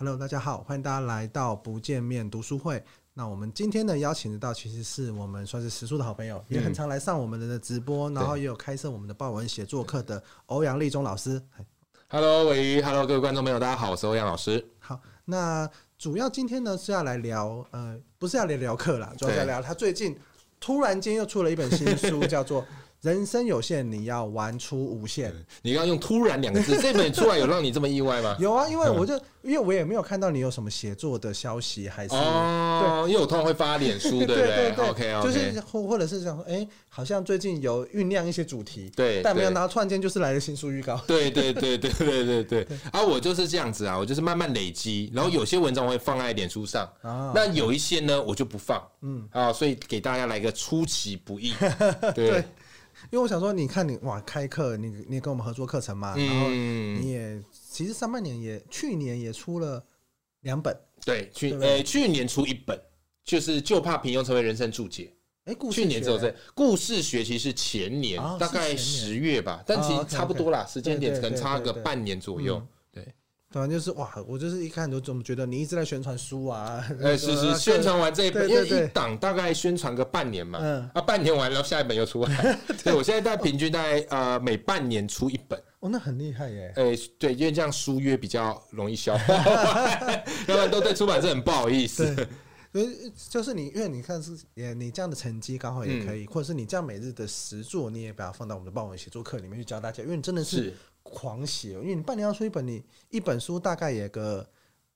Hello，大家好，歡迎大家來到不見面讀書會。那我們今天呢，邀請的到其實是我們算是時書的好朋友，嗯，也很常來上我們的直播，然後也有開設我們的爆文寫作課的對對對歐陽立中老師。Hello，鮪魚，Hello，各位觀眾朋友，大家好，我是歐陽老師。好，那主要今天呢是要來聊，呃，不是要來聊課啦，主要是要來聊他最近突然間又出了一本新書， 叫做。人生有限，你要玩出無限。你剛剛用“突然”兩個字， 這本出來有讓你這麼意外嗎？有啊，因為我就、嗯、因為我也沒有看到你有什麼寫作的消息，還是哦對，因為我通常會發臉書，對不對 OK，OK 就是或或者是想，哎，好像最近有醞釀一些主題，對，對但沒有拿。突然間就是來了新書預告，對,對，對,對,對,對,對，對，對，對，對，對。啊，我就是這樣子啊，我就是慢慢累積，然後有些文章會放在臉書上啊、哦，那有一些呢，我就不放，嗯啊，所以給大家來個出其不意， 對。 對因為我想說，你看你哇，開課你你也跟我們合作課程嘛、嗯，然後你也其實上半年也去年也出了兩本，對，去呃、欸、去年出一本，就是就怕平庸成為人生注解，哎、欸，去年只有這個、故事學，其實是前年、哦、大概十月吧是，但其實差不多啦，哦、okay, okay, 時間點可能差個半年左右。對對對對對嗯反正就是哇，我就是一看就總覺得你一直在宣傳書啊？哎、欸，是是，宣傳完這一本，對對對對因為一檔大概宣傳個半年嘛，嗯，啊，半年完了，下一本又出來 對。對，我現在大概平均大概、哦、呃，每半年出一本。哦，那很厲害耶、欸。哎，對，因為這樣書約比較容易消化。要不然都對出版社很不好意思對。所以就是你，因為你看是也，你這樣的成績剛好也可以，嗯、或者是你這樣每日的實作，你也把它放到我們的爆文寫作課裡面去教大家，因為你真的是,是。狂寫，因為你半年要出一本，你一本書大概也個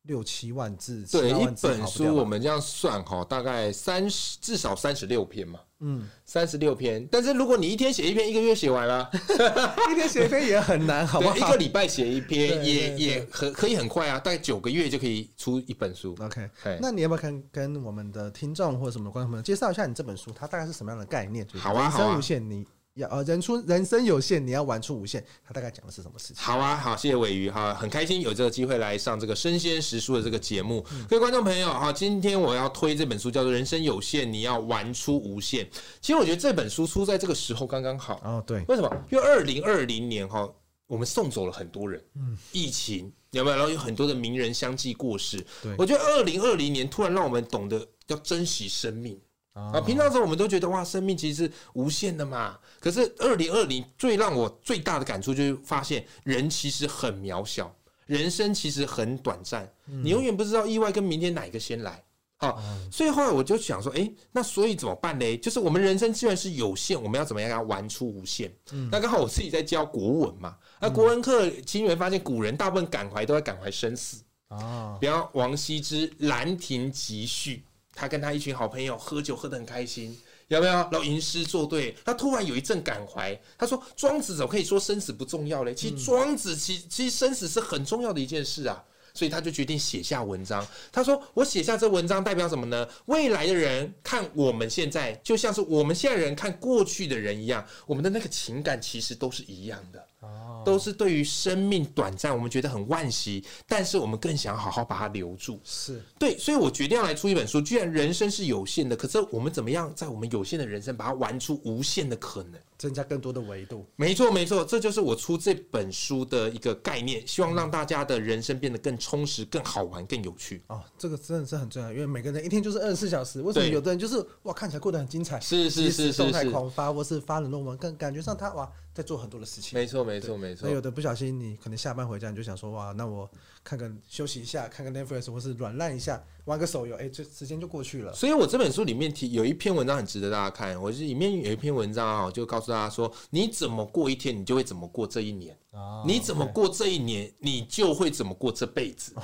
六七萬字。對，一本書我們這樣算哈，大概三十至少三十六篇嘛。嗯，三十六篇。但是如果你一天寫一篇，一個月寫完了， 一天寫一篇也很難，好不好？一個禮拜寫一篇對對對對也也可可以很快啊，大概九個月就可以出一本書。OK，那你要不要跟跟我們的聽眾或者什麼觀眾朋友介紹一下你這本書，它大概是什麼樣的概念？就是、好啊，好無、啊、限你。要啊，人出人生有限，你要玩出無限。他大概講的是什麼事情？好啊，好，謝謝鮪魚哈，很開心有這個機會來上這個《生鮮時書》的這個節目，嗯。各位觀眾朋友哈，今天我要推這本書，叫做《人生有限，你要玩出無限》。其實我覺得這本書出在這個時候剛剛好啊，哦。對，為什麼？因為二零二零年哈，我們送走了很多人，嗯，疫情，有沒有？然後有很多的名人相繼過世。對，我覺得二零二零年突然讓我們懂得要珍惜生命。啊，平常的時候我們都覺得哇，生命其實是無限的嘛。可是二零二零最讓我最大的感觸就是發現人其實很渺小，人生其實很短暫、嗯。你永遠不知道意外跟明天哪一個先來啊、嗯！所以後來我就想說，誒、欸，那所以怎麼辦呢？就是我們人生既然是有限，我們要怎麼樣要玩出無限？嗯、那剛好我自己在教國文嘛，嗯、那國文課其實你會發現古人大部分感懷都在感懷生死啊，比方王羲之《蘭亭集序》。他跟他一群好朋友喝酒，喝得很開心，有沒有？然後吟詩作對。他突然有一陣感懷，他說：“莊子怎麼可以說生死不重要嘞？”其實莊子，其實其實生死是很重要的一件事啊。所以他就決定寫下文章。他說：“我寫下這文章代表什麼呢？未來的人看我們現在，就像是我們現在人看過去的人一樣，我們的那個情感其實都是一樣的。”哦、都是對於生命短暫，我們覺得很惋惜，但是我們更想好好把它留住。是對，所以我決定要來出一本書。既然人生是有限的，可是我們怎麼樣在我們有限的人生，把它玩出無限的可能，增加更多的維度？沒錯，沒錯，這就是我出這本書的一個概念，希望讓大家的人生變得更充實、更好玩、更有趣。啊、哦。這個真的是很重要，因為每個人一天就是二十四小時，為什麼有的人就是哇，看起來過得很精彩？是是是是是，是，動態狂發，或是發論文，更感覺上他哇。在做很多的事情，沒錯，沒錯，沒錯。那有的不小心，你可能下班回家，你就想說哇，那我看看休息一下，看看 Netflix，或是軟爛一下，玩個手遊，誒、欸，這時間就過去了。所以我這本書裡面提有一篇文章很值得大家看，我是裡面有一篇文章啊，就告訴大家說，你怎麼過一天，你就會怎麼過這一年；哦、你怎麼過這一年，你就會怎麼過這輩子，哦、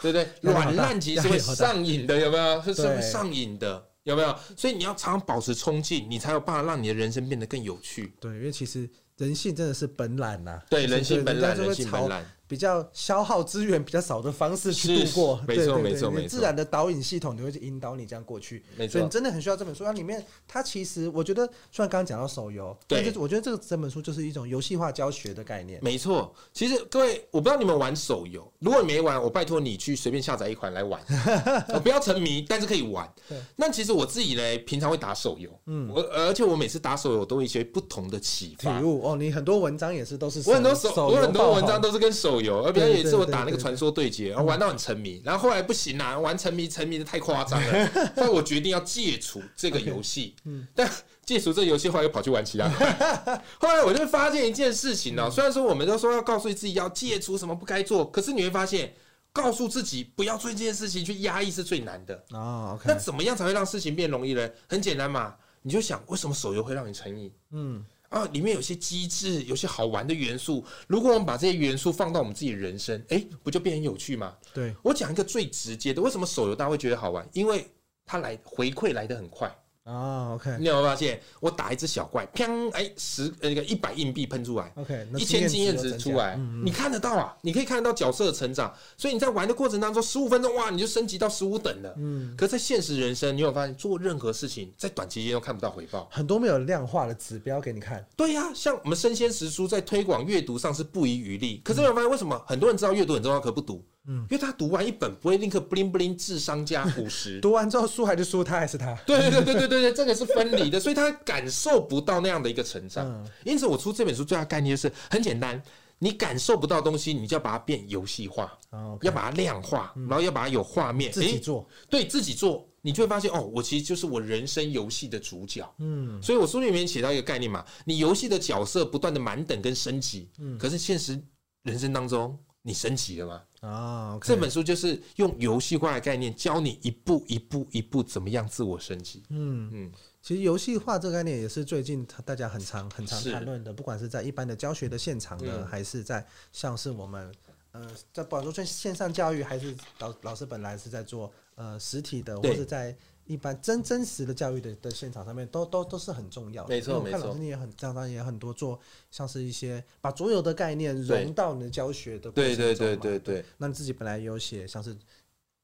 對不對，對？軟爛其實會上癮的，有沒有？是會上癮的。有沒有？所以你要常常保持衝勁，你才有辦法讓你的人生變得更有趣。對，因為其實人性真的是本懶吶、啊。對，就是、對，人性本懶，人性本懶。比較消耗資源比較少的方式去度過，沒錯沒錯沒錯。你自然的導引系統，你會引導你這樣過去。沒錯，你真的很需要這本書。它裡面，它其實我覺得，雖然剛剛講到手遊，對，但是我覺得這個這本書就是一種遊戲化教學的概念。沒錯，其實各位，我不知道你們玩手遊，如果你沒玩，我拜托你去隨便下載一款來玩， 我不要沉迷，但是可以玩對。那其實我自己呢，平常會打手遊，嗯，而而且我每次打手遊都有一些不同的啟發。哦，你很多文章也是都是我很多手，手我很多文章都是跟手。有，而比上一次我打那個傳說對決，對對對對玩到很沉迷，然後後來不行啦、啊，玩沉迷沉迷的太誇張了， 所以我決定要戒除這個遊戲。Okay, 嗯，但戒除這個遊戲後來又跑去玩其他玩，後來我就發現一件事情呢、喔嗯，雖然說我們都說要告訴自己要戒除什麼不該做，可是你會發現，告訴自己不要做這件事情去壓抑是最難的、oh, okay、那怎麼樣才會讓事情變容易呢？很簡單嘛，你就想為什麼手遊會讓你成癮。嗯。啊，裡面有些機制，有些好玩的元素。如果我們把這些元素放到我們自己的人生，哎、欸，不就變很有趣嗎？對。我講一個最直接的，為什麼手遊大家會覺得好玩？因為它來回饋來得很快。啊、oh,，OK，你有沒有發現我打一隻小怪，砰，哎、欸，十那個一百硬幣噴出來，OK，一千經驗值出來，嗯嗯，你看得到啊，你可以看得到角色的成長，所以你在玩的過程當中15，十五分鐘哇，你就升級到十五等了，嗯，可是在現實人生，你有沒有發現做任何事情在短期間都看不到回報，很多沒有量化的指標給你看，對呀、啊，像我們生鮮時書在推廣閱讀上是不遺餘力，可是有沒有發現為什麼、嗯、很多人知道閱讀很重要，可不讀？嗯，因為他讀完一本不會立刻不靈不靈，智商加五十、嗯。讀完之後書還是書，他還是他。對對對對對對 這個是分離的，所以他感受不到那樣的一個成長。嗯、因此，我出這本書最大的概念就是很簡單：你感受不到東西，你就要把它變遊戲化，啊、okay, 要把它量化、嗯，然後要把它有畫面。自己做，欸、對自己做，你就會發現哦，我其實就是我人生遊戲的主角。嗯，所以我書裡面寫到一個概念嘛，你遊戲的角色不斷的滿等跟升級、嗯，可是現實人生當中，你升級了嗎？啊、哦 okay，這本書就是用遊戲化的概念教你一步一步一步怎麼樣自我升級。嗯嗯，其實遊戲化這個概念也是最近大家很常很常談論的，不管是在一般的教學的現場呢、嗯，還是在像是我們呃在廣州在線上教育，還是老老師本來是在做呃實體的，或者在。一般真真實的教育的的現場上面都都都是很重要的。沒錯沒錯。我看老師你也很常常也很多做，像是一些把桌遊的概念融到你的教學的過程中嘛。對，對對對對對。對，那你自己本來有寫像是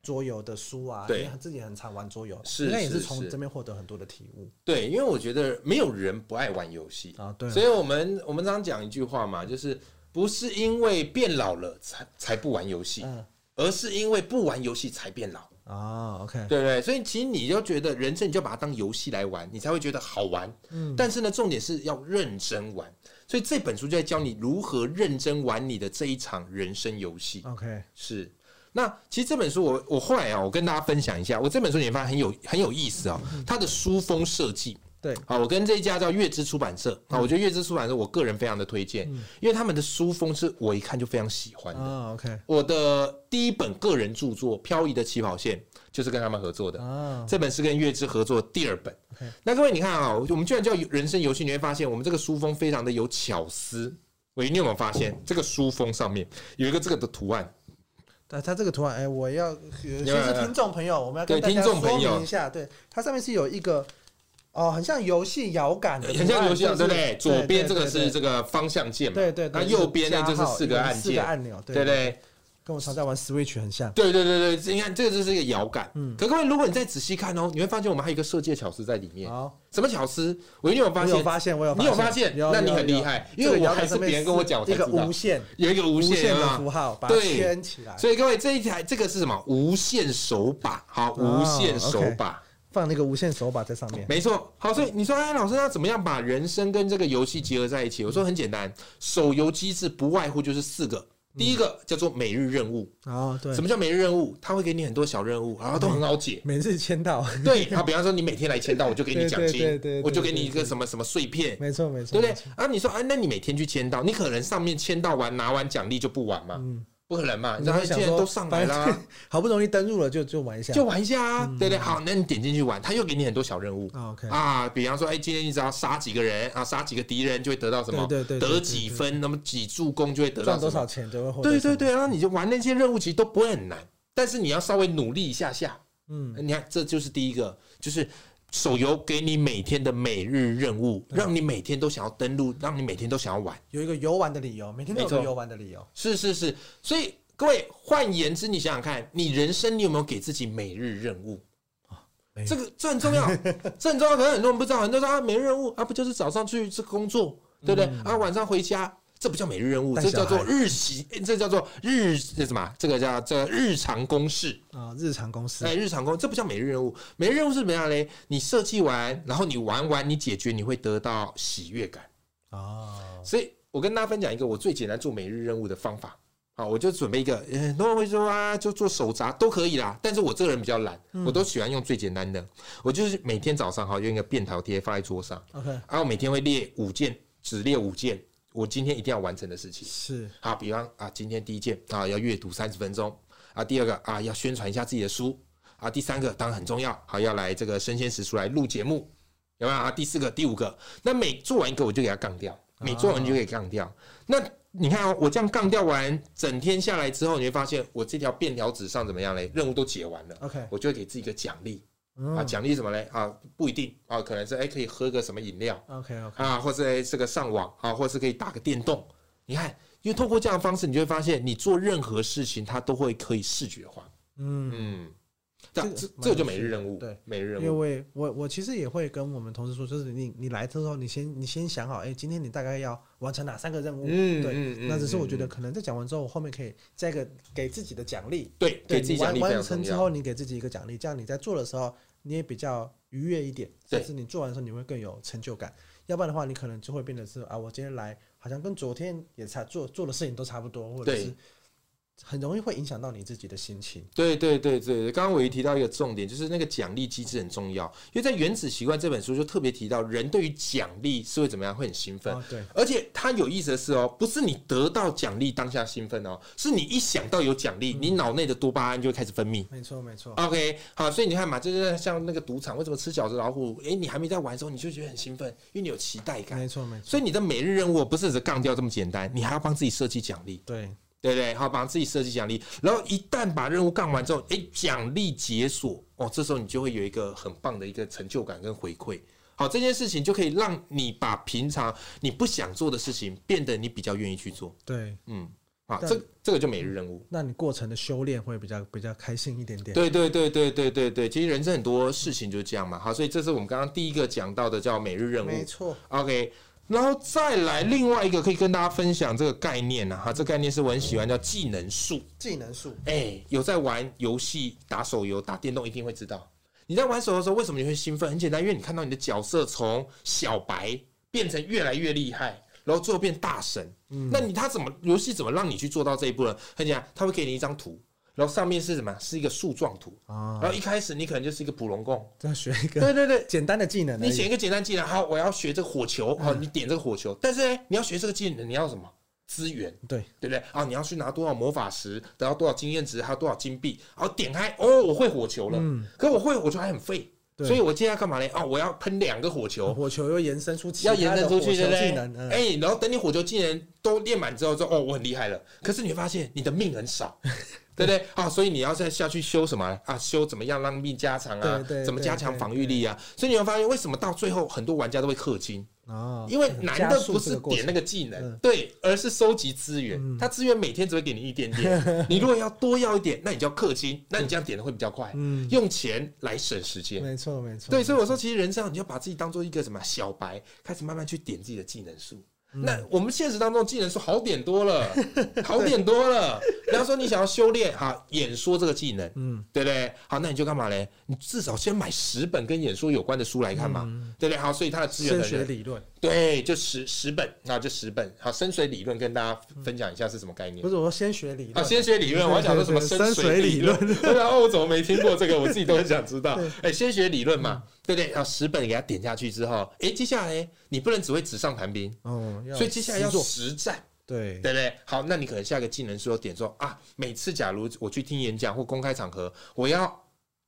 桌遊的書啊？對自己很常玩桌遊，是那也是從這邊獲得很多的體悟？是是是。對，因為我覺得沒有人不愛玩遊戲啊，對。所以我們我們常講一句話嘛，就是不是因為變老了才才不玩遊戲，嗯，而是因為不玩遊戲才變老。哦、oh，OK，對不對，所以其實你就覺得人生，你就把它當遊戲來玩，你才會覺得好玩。嗯，但是呢，重點是要認真玩，所以這本書就在教你如何認真玩你的這一場人生遊戲。OK，是。那其實這本書我我後來啊、哦，我跟大家分享一下，我這本書你會發現很有很有意思啊、哦，它的書封設計。 對，好，我跟這一家叫月之出版社啊、嗯，我覺得月之出版社，我個人非常的推薦、嗯，因為他們的書封是我一看就非常喜歡的。哦、OK，我的第一本個人著作《飄移的起跑線》就是跟他們合作的，哦、這本是跟月之合作的第二本。Okay、那各位，你看啊、哦，我們居然叫人生遊戲，你會發現我們這個書封非常的有巧思。喂、嗯，你有沒有發現這個書封上面有一個這個的圖案？但、嗯、它這個圖案，哎、欸，我要其實聽眾朋友有有，我們要跟聽眾朋友說明一下，對，對它上面是有一個。哦，很像遊戲搖桿，很像遊戲啊，對不對？左邊這個是這個方向鍵嘛？對對，對，對，對，那右邊呢？就是四個按鍵，對不對，對，對，對，對，跟我常在玩 Switch 很像，對對對對。你看這個就是一個搖桿，嗯。可各位，如果你再仔細看哦，你會發現我們還有一個設計巧思在裡面。好、嗯，什麼巧思？我一定有，有發現，我有，你有發現？那你很厲害，因為我還是別人跟我講這個無限，有一個無限的符號，的符號把它圈起來。所以各位，這一台這個是什麼？無限手把，好，無限手把。放那個無線手把在上面，沒錯。好，所以你說，哎，老師要怎麼樣把人生跟這個遊戲結合在一起，嗯？我說很簡單，手遊機制不外乎就是四個。第一個叫做每日任務啊、嗯哦，對。什麼叫每日任務？他會給你很多小任務啊，然後都很好解。每日簽到。對，對啊，比方說你每天來簽到，我就給你獎金，我就給你一個什麼什麼碎片。沒錯，沒錯，對不對？啊，你說，哎，啊，那你每天去簽到，你可能上面簽到完拿完獎勵就不玩嘛。嗯不可能嘛！你然後現在都上來了、啊，好不容易登錄了，就就玩一下，就玩一下,玩一下啊,、嗯、啊！對對，好，那你點進去玩，他又給你很多小任務啊,、okay、啊，比方說，哎，今天你只要殺幾個人啊，殺幾個敵人就會得到什麼？對對對,對,對,對,對,對，得幾分，那麼幾助攻就會得到賺多少錢，就會獲得。對對對然後、啊、你就玩那些任務其實都不會很難，但是你要稍微努力一下下。嗯，你看，這就是第一個，就是。手遊給你每天的每日任務，哦、讓你每天都想要登錄，讓你每天都想要玩，有一個遊玩的理由，每天都有遊玩的理由。是是是，所以各位，換言之，你想想看，你人生你有沒有給自己每日任務？哦、這個這很重要，這很重要。 重要可能很多人不知道，很多人說啊沒任務，啊不就是早上去這工作、嗯，對不對？啊晚上回家。這不叫每日任務，這叫做日習，這叫做日，這叫做日這什麼？這個叫這日常公式啊，日常公式。哎、哦，日常公，日常公這不叫每日任務，每日任務是怎麼樣嘞？你設計完，然後你玩完，你解決，你會得到喜悅感。哦、所以我跟大家分享一個我最簡單做每日任務的方法。好，我就准備一個，很多人會說啊，就做手札都可以啦。但是我這個人比較懶，嗯，我都喜歡用最簡單的，我就是每天早上哈用一個便條貼放在桌上，OK，然後我每天會列五件，只列五件。我今天一定要完成的事情是，好，比方啊，今天第一件啊要閱讀三十分鐘啊，第二個啊要宣傳一下自己的書啊，第三個當然很重要，好要來這個生鮮時書來錄節目，有沒有啊？第四個、第五個，那每做完一個我就給它槓掉，每做完我就給槓掉、哦。那你看、哦、我這樣槓掉完，整天下來之後，你會發現我這條便條紙上怎麼樣嘞？任務都解完了，OK，我就給自己一個獎勵。嗯、啊，獎勵什麼嘞？啊，不一定啊，可能是哎、欸，可以喝個什麼飲料，OK OK，啊，或者哎，這個上網啊，或是可以打個電動。你看，因為通過這樣的方式，你就會發現，你做任何事情，它都會可以視覺化。嗯嗯，這樣這這就每日任務，對每日任務。因為我我其實也會跟我們同事說，就是你你來的時候，你先你先想好，哎、欸，今天你大概要完成哪三個任務？嗯、對對、嗯、那只是我覺得，可能在講完之後，我後面可以再一個給自己的獎勵，對，對，給自己你完，完成之後，你給自己一個獎勵，這樣你在做的時候，你也比較愉悅一點，但是你做完的時候，你會更有成就感。要不然的話，你可能就會變得是啊，我今天來好像跟昨天也差，做做的事情都差不多，或者是。很容易會影響到你自己的心情。對對對對，剛剛鮪魚提到一個重點，就是那個獎勵機制很重要，因為在《原子習慣》這本書就特別提到，人對於獎勵是會怎麼樣，會很興奮。哦、而且它有意思的是哦，不是你得到獎勵當下興奮哦，是你一想到有獎勵，嗯、你腦內的多巴胺就會開始分泌。沒錯沒錯。OK，好，所以你看嘛，就是像那個賭場，為什麼吃角子老虎？誒，你還沒在玩的時候，你就覺得很興奮，因為你有期待感。沒錯沒錯。所以你的每日任務不是只是槓掉這麼簡單，你還要幫自己設計獎勵。對。對對，好，把自己設計獎勵，然後一旦把任務幹完之後，哎，獎勵解鎖哦，這時候你就會有一個很棒的一個成就感跟回饋。好、哦，這件事情就可以讓你把平常你不想做的事情變得你比較願意去做。對，嗯，好、哦，這這個就每日任務、嗯，那你過程的修煉會比較比較開心一點點。對對對對對對對，其實人生很多事情就是這樣嘛。好，所以這是我們剛剛第一個講到的叫每日任務，沒錯。OK。然後再來另外一個可以跟大家分享這個概念呢，哈，這個概念是我很喜歡，叫技能樹，技能樹，哎、欸，有在玩遊戲打手遊、打電動一定會知道。你在玩手遊的時候，為什麼你會興奮？很簡單，因為你看到你的角色從小白變成越來越厲害，然後最後變大神。嗯、哦，那你他怎麼，遊戲怎麼讓你去做到這一步呢？很簡單，他會給你一張圖。然後上面是什麼？是一個樹狀圖啊。然後一開始你可能就是一個普龍弓，再學一個。對對對，簡單的技能。你選一個簡單技能，好，我要學這個火球好、嗯，你點這個火球，但是呢，你要學這個技能，你要什麼資源？對對不對？啊，你要去拿多少魔法石，得到多少經驗值，還有多少金幣，然後點開哦，我會火球了。嗯。可我會火球還很廢所以我今天要幹嘛呢？啊、哦，我要噴兩個火球，火球又延伸出其他的火球技能。哎、欸，然後等你火球技能都練滿之後就，說哦，我很厲害了。可是你會發現，你的命很少.。 對不對，對啊？所以你要再下去修什麼啊，啊？修怎麼樣讓命加長啊？怎麼加強防御力啊？所以你會發現，為什麼到最後很多玩家都會氪金啊？因為難的不是點那個技能對，而是收集資源。他資源每天只會給你一點點，你如果要多要一點，那你就要氪金。那你這樣點的會比較快，用錢來省時間。沒錯沒錯。對，所以我說，其實人生你要把自己當做一個什麼小白，開始慢慢去點自己的技能樹。那我們現實當中技能是好點多了，好點多了。比 方說你想要修煉哈演說這個技能，嗯，對不對？好，那你就幹嘛嘞？你至少先買十本跟演說有關的書來看嘛，嗯、對不對？好，所以它的資源的。深水理論。對，就十十本，那就十本。好，深水理論跟大家分享一下是什麼概念？不是，我說先學理論啊，先學理論。理論我還想講說什麼深水理論？對啊，然後我怎麼沒聽過這個？ 我自己都很想知道。哎，先學理論嘛。嗯對不對？要十本給他點下去之後，哎，接下來你不能只會紙上談兵，哦，所以接下來要實戰，對對對。好，那你可能下個技能樹要點說啊，每次假如我去聽演講或公開場合，我要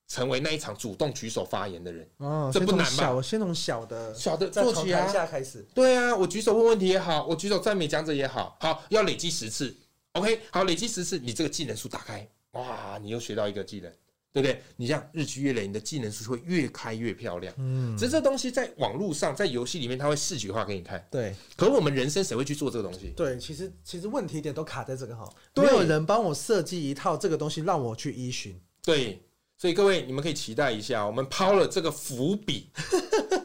成為那一場主動舉手發言的人，哦，這不難吧？先從小的、小的做起啊，下開始。對啊，我舉手問問題也好，我舉手讚美講者也好，好，要累積十次，OK，好，累積十次，你這個技能樹打開，哇，你又學到一個技能。對不對？你這樣日積月累，你的技能樹會越開越漂亮。嗯，只是這東西在網絡上，在遊戲裡面，它會視覺化給你看。對，可我們人生誰會去做這個東西？對，其實其實問題點都卡在這個哈，沒有人幫我設計一套這個東西讓我去依循。對。對所以各位，你們可以期待一下，我們拋了這個伏筆，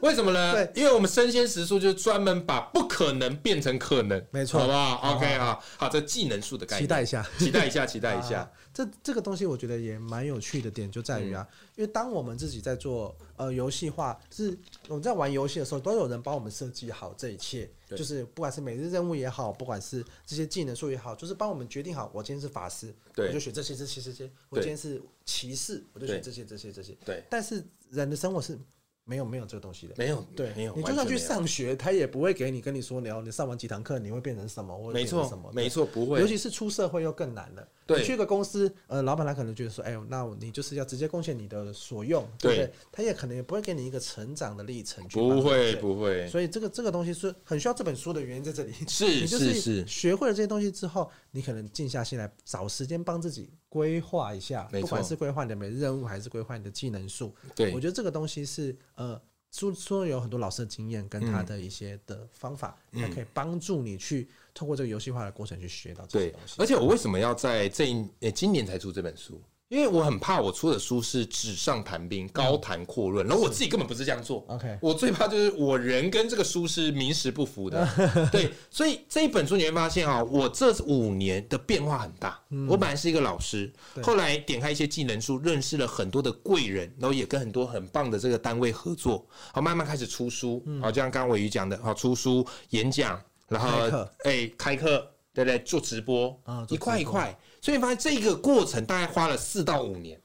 為什麼呢？ 對，因為我們生鮮時書就專門把不可能變成可能，沒錯，好不好？OK 啊、哦哦，好，這技能樹的概念，期待一下，期待一下，期待一下。一下 啊、這這個東西我覺得也蠻有趣的點就在於啊、嗯，因為當我們自己在做呃遊戲化，就是我們在玩遊戲的時候，都有人幫我們設計好這一切。就是不管是每日任務也好，不管是這些技能樹也好，就是幫我們決定好，我今天是法師，我就選這些這些這些；我今天是騎士，我就選這些這些這些。對。但是人的生活是沒有沒有這個東西的，沒有對沒有。你就算去上學，他也不會給你跟你說聊，你要你上完幾堂課，你會變成什麼？或者變成什麼？沒錯，沒錯，不會。尤其是出社會又更難了。對，你去個公司，呃，老闆他可能覺得說，哎呦，那你就是要直接貢獻你的所用，對不對，對？他也可能也不會給你一個成長的歷程去，不會對不對，不會。所以這個這個東西是很需要這本書的原因在這裡。是 你就是是，學會了這些東西之後，你可能靜下心來，找時間幫自己規劃一下，不管是規劃你的每日任務，還是規劃你的技能樹。對，我覺得這個東西是呃。書書中有很多老師的經驗，跟他的一些的方法，他、嗯、可以幫助你去透過這個遊戲化的過程去學到這些東西。而且，我為什麼要在這、嗯欸、今年才出這本書？因為我很怕我出的書是紙上談兵、嗯、高談闊論，然後我自己根本不是這樣做。OK，我最怕就是我人跟這個書是名實不符的。 對，所以這一本書你會發現啊、喔，我這五年的變化很大。嗯、我本來是一個老師，後來點開一些技能書，認識了很多的貴人，然後也跟很多很棒的這個單位合作，好，慢慢開始出書。好、嗯，就像剛剛瑋瑜講的，好出書、演講，然後哎開課。欸開課對對，做直播啊、哦，一塊一塊，所以你發現這個過程大概花了四到五年。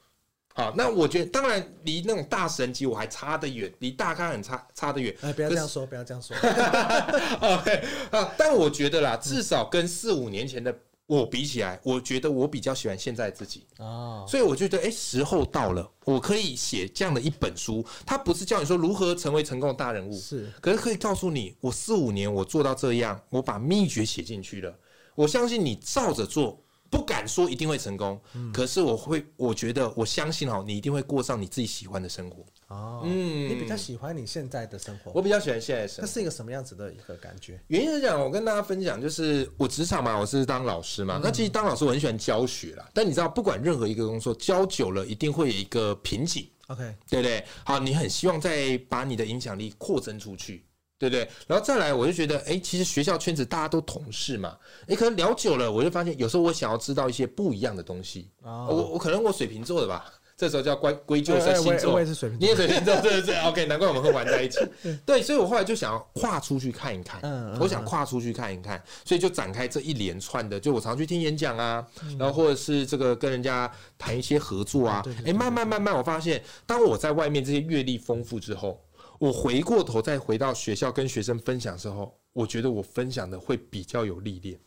好、啊，那我覺得當然離那種大神級我還差得遠，離大咖很差，差得遠。哎、欸，不要這樣說，不要這樣說。 OK 啊，但我覺得啦，至少跟四五年前的我比起來、嗯，我覺得我比較喜歡現在自己啊、哦。所以我覺得，哎、欸，時候到了，我可以寫這樣的一本書。它不是叫你說如何成為成功的大人物，是，可是可以告訴你，我四五年我做到這樣，我把秘訣寫進去了。我相信你照着做，不敢說一定會成功，嗯、可是我會，我覺得我相信哈，你一定會過上你自己喜歡的生活。哦，嗯，你比較喜歡你現在的生活？我比較喜歡現在的生活，那是一個什麼樣子的一個感覺？原因來講，我跟大家分享，就是我職場嘛，我是當老師嘛、嗯，那其實當老師我很喜歡教學啦，但你知道，不管任何一個工作，教久了一定會有一個瓶頸。OK，對不對？好，你很希望再把你的影響力擴增出去。對不對？然後再來，我就覺得，哎，其實學校圈子大家都同事嘛，哎，可能聊久了，我就發現，有時候我想要知道一些不一樣的東西。啊、哦，我我可能我水瓶座的吧，這時候就要歸歸咎在星座、哎哎我，我也是水瓶座，你也水瓶座， 對對對 ，OK，難怪我們會玩在一起對。對，所以我後來就想要跨出去看一看嗯，嗯，我想跨出去看一看，所以就展開這一連串的，就我常，常去聽演講啊、嗯，然後或者是這個跟人家談一些合作啊，哎、嗯，慢慢慢慢，我發現，當我在外面這些閱歷豐富之後。我回過頭再回到學校跟學生分享的時候，我覺得我分享的會比較有歷練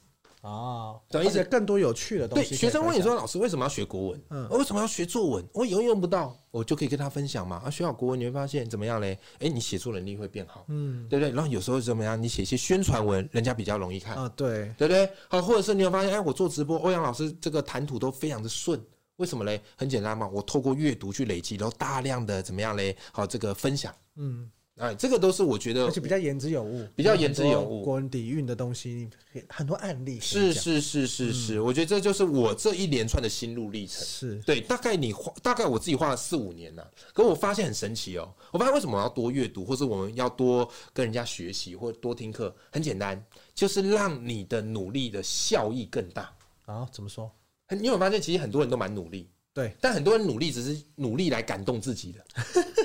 哦，講一些更多有趣的東西對。學生問你說：“老師為什麼要學國文？嗯，為什麼要學作文？我以後用不到，我就可以跟他分享嘛。”啊，學好國文你會發現怎麼樣嘞？誒、欸，你寫作能力會變好，嗯，對不對？然後有時候怎麼樣，你寫一些宣傳文，人家比較容易看啊、哦，對對不對？好，或者是你有，有發現哎，欸、我做直播，歐陽老師這個談吐都非常的順，為什麼嘞？很簡單嘛，我透過閱讀去累積，然後大量的怎麼樣嘞？好，這個分享。嗯，哎，這個都是我覺得我，而且比較言之有物，比較言之有物，國文底蘊的東西，很多案例。是是是是是、嗯，我覺得這就是我這一連串的心路歷程。是對，大概你花，大概我自己花了四五年了，可我發現很神奇哦、喔。我發現為什麼我要多閱讀，或者我們要多跟人家學習，或者多聽課？很簡單，就是讓你的努力的效益更大啊。怎麼說？很，因為我發現其實很多人都蠻努力。對，但很多人努力只是努力來感動自己的，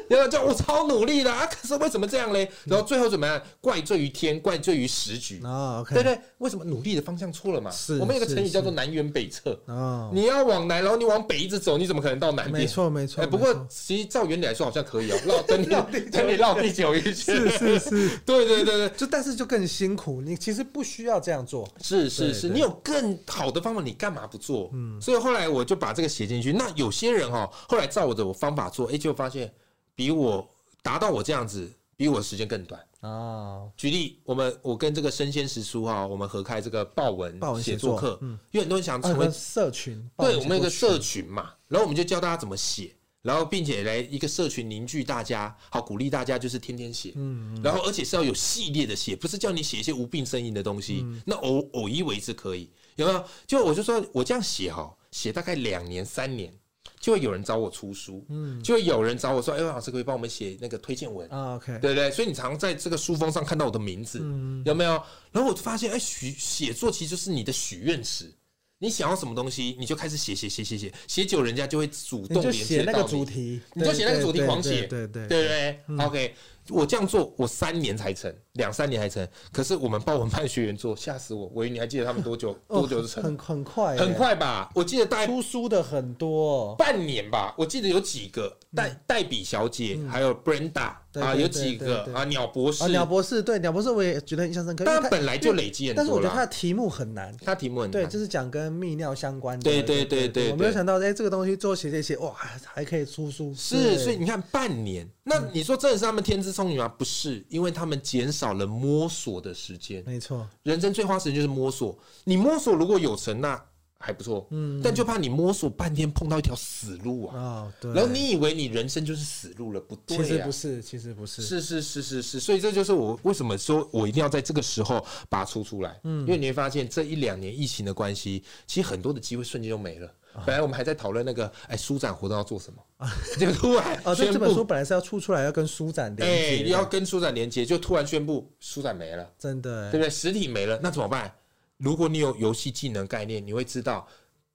然後叫我超努力的啊！可是為什麼這樣嘞？然後最後怎麼樣？怪罪於天，怪罪於時局啊？Oh, okay. 對，對對，為什麼努力的方向錯了嘛？是我們有個成語叫做南轅北轍啊！Oh, 你要往南，然後你往北一直走，你怎麼可能到南邊？沒錯，沒錯、欸。不過，其實照原理來說好像可以哦、喔，繞 等你繞地等你繞地球一圈。 是是是， 對對對對就，就但是就更辛苦。你其實不需要這樣做，是是是，是，你有更好的方法，你幹嘛不做？嗯。所以後來我就把這個寫進去。那有些人哦、喔，後來照我的方法做，哎、欸，就發現比我達到我這樣子，比我的時間更短啊、哦。舉例，我們我跟這個生鮮時書哈、喔，我們合開這個爆文爆文寫作課，嗯，因為很多人想成為、啊、們社群，爆文群對我們有一個社群嘛，然後我們就教大家怎麼寫，然後並且來一個社群凝聚大家，好鼓勵大家就是天天寫，嗯，嗯，然後而且是要有系列的寫，不是叫你寫一些無病呻吟的東西，嗯、那偶偶一為之可以有沒有？就我就說我這樣寫哈、喔。寫大概兩年三年，就會有人找我出書，嗯、就會有人找我說：“哎、欸，老師可以幫我們寫那個推薦文，啊，OK，對不對，對？”所以你常在這個書封上看到我的名字，嗯、有沒有？然後我就發現，哎、欸，許寫作其實就是你的許願池，你想要什麼東西，你就開始寫寫寫寫寫，寫久人家就會主動聯繫。你就寫那個主題，你就寫那個主題狂寫，對不對對，對，對，對，對，對，對，對，對、嗯、，OK。我這樣做，我三年才成。兩三年還成，可是我們爆文班學員做嚇死我！鮪魚，你還記得他們多久多久就成？哦、很很快、欸，很快吧？我記得帶出書的很多，半年吧？我記得有幾個、嗯、代代比小姐，嗯、還有 Brenda 對對對對啊，有幾個對對對對啊？鳥博士，啊、鳥博士,、哦、鳥博士對，鳥博士我也覺得印象深刻。但本來就累積很多但是我覺得他的題目很難，他題目很難對，就是講跟泌尿相關的。對對對對,對，我沒有想到哎、欸，這個東西做起這些哇，還可以出書。是，是所以你看半年，那你說真的是他們天資聰明嗎、嗯？不是，因為他們減少。好了，摸索的時間，沒錯。人生最花時間就是摸索。你摸索如果有成、啊，那還不錯。嗯，但就怕你摸索半天碰到一條死路啊。對。然後你以為你人生就是死路了，不對。其實不是，其實不是。是是是是是，所以這就是我為什麼說我一定要在這個時候拔出出來。嗯，因為你會發現這一兩年疫情的關係，其實很多的機會瞬間就沒了。本來我們還在討論那個哎，書、欸、展活動要做什麼？這、啊、個 突然啊，所以這本書本來是要出出來要跟書展連接，要跟書展連接、欸，就突然宣布書展沒了，真的，欸，對不對？實體沒了，那怎麼辦？如果你有遊戲技能概念，你會知道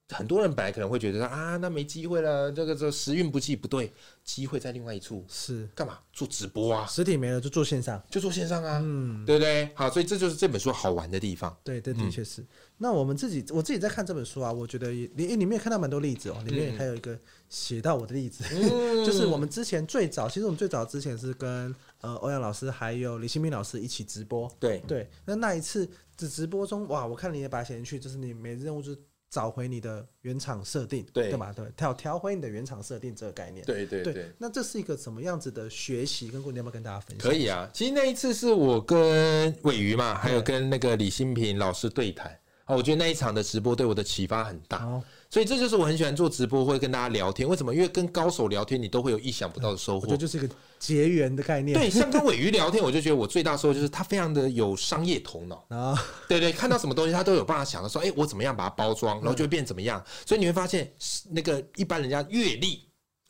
很多人本來可能會覺得說，啊，那沒機會了，這、那個這時運不濟，不對，機會在另外一處，是幹嘛做直播啊？實體沒了就做線上，就做線上啊，嗯，對不對？好，所以這就是這本書好玩的地方，對，這、嗯、的確是。那我們自己，我自己在看這本書啊，我覺得裡、欸，裡面看到蠻多例子哦、喔，裡面還有一個寫到我的例子，嗯、 就是我們之前最早，其實我們最早之前是跟呃歐陽老師還有李新平老師一起直播，對，對那那一次只直播中，哇，我看你也把它寫進去，就是你每日任務就是找回你的原廠設定，對對對，調調回你的原廠設定這個概念，對對對，對，那這是一個什麼樣子的學習跟過程？你要不要跟大家分享？可以啊，其實那一次是我跟鮪魚嘛，還有跟那個李新平老師對談。哦，我覺得那一場的直播對我的啟發很大，所以這就是我很喜歡做直播，會跟大家聊天。為什麼？因為跟高手聊天，你都會有意想不到的收穫，這、嗯、就是一個結緣的概念。對，像跟鮪魚聊天， 我就覺得我最大收穫就是他非常的有商業頭腦啊。對，對對，看到什麼東西他都有辦法想到說，哎、欸，我怎麼樣把它包裝，然後就會變怎麼樣、嗯。所以你會發現，那個一般人家月曆，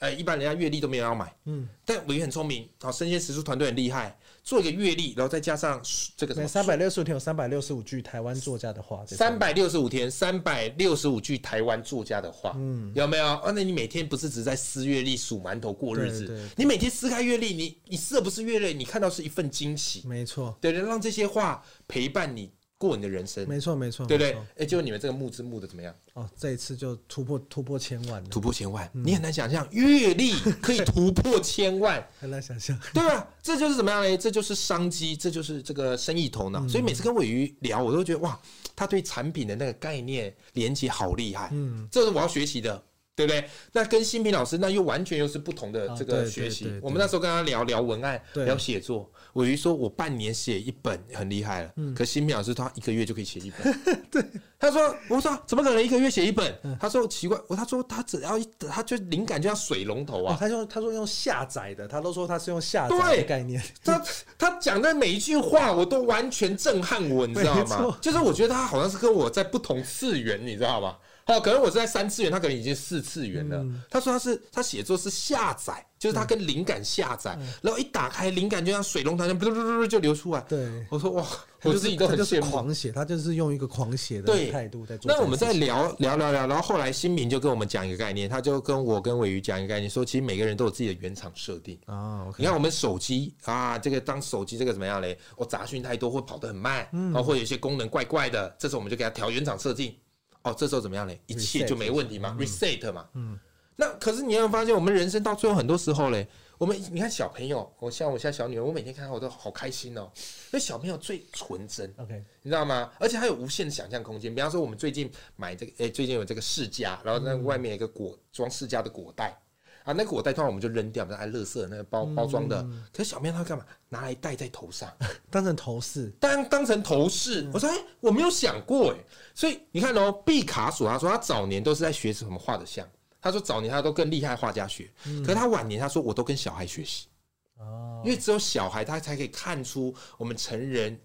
哎、呃，一般人家月曆都沒有要買。嗯，但鮪魚很聰明，好，生鮮時書團隊很厲害。做一個月曆，然後再加上這個什麼？三百六十五天有三百六十五句台灣作家的話。三百六十五天，三百六十五句台灣作家的話，嗯，有沒有？哦，那你每天不是只在撕月曆數饅頭過日子？對對對對，你每天撕開月曆，你你撕的不是月曆，你看到是一份驚喜，沒錯。對，讓這些話陪伴你過你的人生，沒錯沒錯，對不對？哎、欸，就你們這個募資募的怎麼樣？哦，這一次就突破突破千萬，突破千萬，嗯、你很難想象，月曆可以突破千萬，很難想象，對吧、啊？這就是怎麼樣嘞？這就是商機，這就是這個生意頭腦、嗯。所以每次跟鮪魚聊，我都覺得哇，他對產品的那個概念連接好厲害，嗯，這是我要學習的。對不對？那跟新平老師，那又完全又是不同的這個學習。啊、我們那時候跟他聊聊文案，聊寫作。我以為說，我半年寫一本很厲害了、嗯。可新平老師他一個月就可以寫一本。呵呵對，他說，我說怎麼可能一個月寫一本？嗯、他說奇怪，他說他只要一他就靈感就像水龍頭啊。欸、他說他說用下載的，他都說他是用下載的概念。他他講的每一句話，我都完全震撼我，你知道嗎？就是我覺得他好像是跟我在不同次元，你知道嗎？哦，可能我是在三次元，他可能已經四次元了。嗯、他說他是他寫作是下載，就是他跟靈感下載、嗯，然後一打開靈感就像水龍頭一樣，嘟嘟嘟就流出來。對，我說哇，我就是一個很喜歡狂寫，他就是用一個狂寫的態度在做。那我們在聊、這個、聊聊聊，然後後來新民就跟我們講一個概念，他就跟我跟鮪魚講一個概念，說其實每個人都有自己的原廠設定啊、okay。你看我們手機啊，這個當手機這個怎麼樣嘞？我雜訊太多會跑得很慢，然後會有一些功能怪怪的，這時候我們就給他調原廠設定。哦，這時候怎麼樣呢？一切就沒問題嘛，Reset、嗯、嘛。嗯。那可是你有沒有發現，我們人生到最後很多時候嘞，我們你看小朋友，我像我現在小女兒，我每天看到我都好開心哦。那小朋友最純真，OK，你知道嗎？而且還有無限的想象空間。比方說，我們最近買這個，欸、最近有這個世家，然後那外面有一個果裝世家的果袋。嗯嗯啊，那個我帶穿我們就扔掉，是愛樂色那個包包裝的、嗯。可是小面他幹嘛？拿來戴在頭上，當成頭飾，當當成頭飾、嗯。我說哎、欸，我沒有想過。所以你看哦、喔，畢卡索他說他早年都是在學什麼畫的像，他說早年他都跟厲害畫家學、嗯，可是他晚年他說，我都跟小孩學習、嗯，因為只有小孩他才可以看出我們成人。